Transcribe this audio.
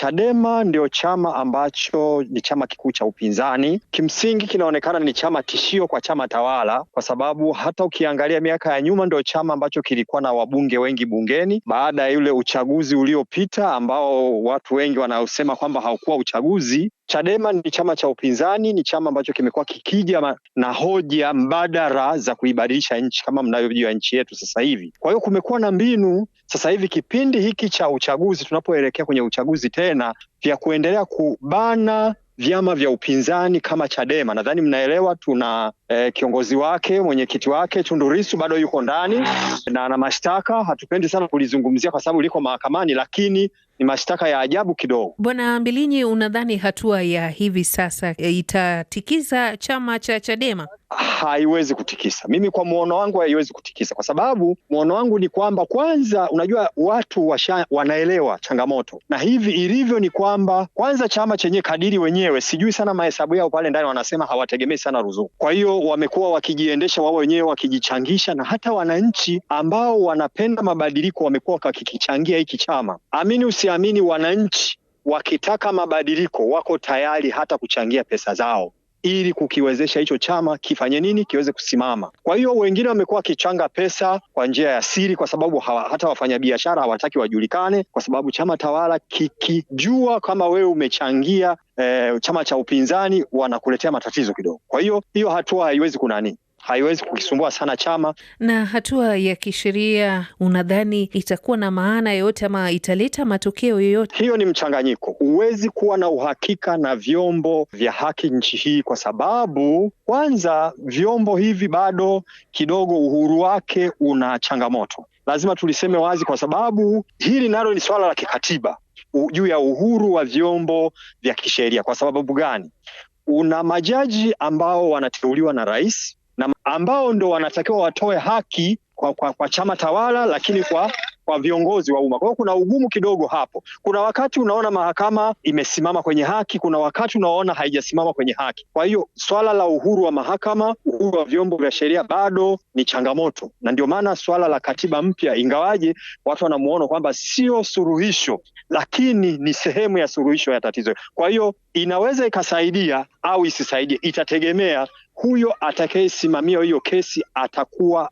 Chadema ndio chama ambacho ni chama kikuu cha upinzani, kimsingi kinaonekana ni chama tishio kwa chama tawala, kwa sababu hata ukiangalia miaka ya nyuma ndio chama ambacho kilikuwa na wabunge wengi bungeni, baada ya yule uchaguzi uliopita ambao watu wengi wanaosema kwamba haukuwa uchaguzi. Chadema ni chama cha upinzani, ni chama ambacho kimekuwa kikija na hoja mbadala za kuibadilisha nchi kama mnavyojua nchi yetu sasa hivi. Kwa hiyo kumekuwa na mbinu sasa hivi kipindi hiki cha uchaguzi, tunapoelekea kwenye uchaguzi tena tena vya kuendelea kubana vyama vya upinzani kama Chadema. Nadhani mnaelewa tuna e, kiongozi wake mwenyekiti wake Tundu Lissu bado yuko ndani na ana mashtaka. Hatupendi sana kulizungumzia kwa sababu liko mahakamani, lakini ni mashtaka ya ajabu kidogo. Bwana Mbilinyi, unadhani hatua ya hivi sasa e, itatikiza chama cha Chadema? Haiwezi kutikisa. Mimi kwa muono wangu haiwezi kutikisa, kwa sababu muono wangu ni kwamba kwanza, unajua watu washa, wanaelewa changamoto na hivi ilivyo ni kwamba kwanza chama chenyewe kadiri wenyewe, sijui sana mahesabu yao pale ndani, wanasema hawategemei sana ruzuku. Kwa hiyo wamekuwa wakijiendesha wao wenyewe wakijichangisha, na hata wananchi ambao wanapenda mabadiliko wamekuwa wakikichangia hiki chama. Amini usi nikiamini wananchi wakitaka mabadiliko wako tayari hata kuchangia pesa zao ili kukiwezesha hicho chama kifanye nini, kiweze kusimama. Kwa hiyo wengine wamekuwa wakichanga pesa kwa njia ya siri, kwa sababu hawa, hata wafanyabiashara hawataki wajulikane, kwa sababu chama tawala kikijua kama wewe umechangia e, chama cha upinzani wanakuletea matatizo kidogo. Kwa hiyo hiyo hatua haiwezi kunani haiwezi kukisumbua sana chama. Na hatua ya kisheria unadhani itakuwa na maana yoyote ama italeta matokeo yoyote? Hiyo ni mchanganyiko. Huwezi kuwa na uhakika na vyombo vya haki nchi hii, kwa sababu kwanza vyombo hivi bado kidogo uhuru wake una changamoto. Lazima tuliseme wazi, kwa sababu hili nalo ni suala la kikatiba juu ya uhuru wa vyombo vya kisheria. Kwa sababu gani? Una majaji ambao wanateuliwa na rais na ambao ndo wanatakiwa watoe haki kwa, kwa, kwa chama tawala lakini kwa kwa viongozi wa umma. Kwa hiyo kuna ugumu kidogo hapo. Kuna wakati unaona mahakama imesimama kwenye haki, kuna wakati unaona haijasimama kwenye haki. Kwa hiyo swala la uhuru wa mahakama, uhuru wa vyombo vya sheria bado ni changamoto, na ndio maana swala la katiba mpya, ingawaje watu wanamuona kwamba sio suluhisho, lakini ni sehemu ya suluhisho ya tatizo. Kwa hiyo inaweza ikasaidia au isisaidie, itategemea huyo atakayesimamia hiyo kesi atakuwa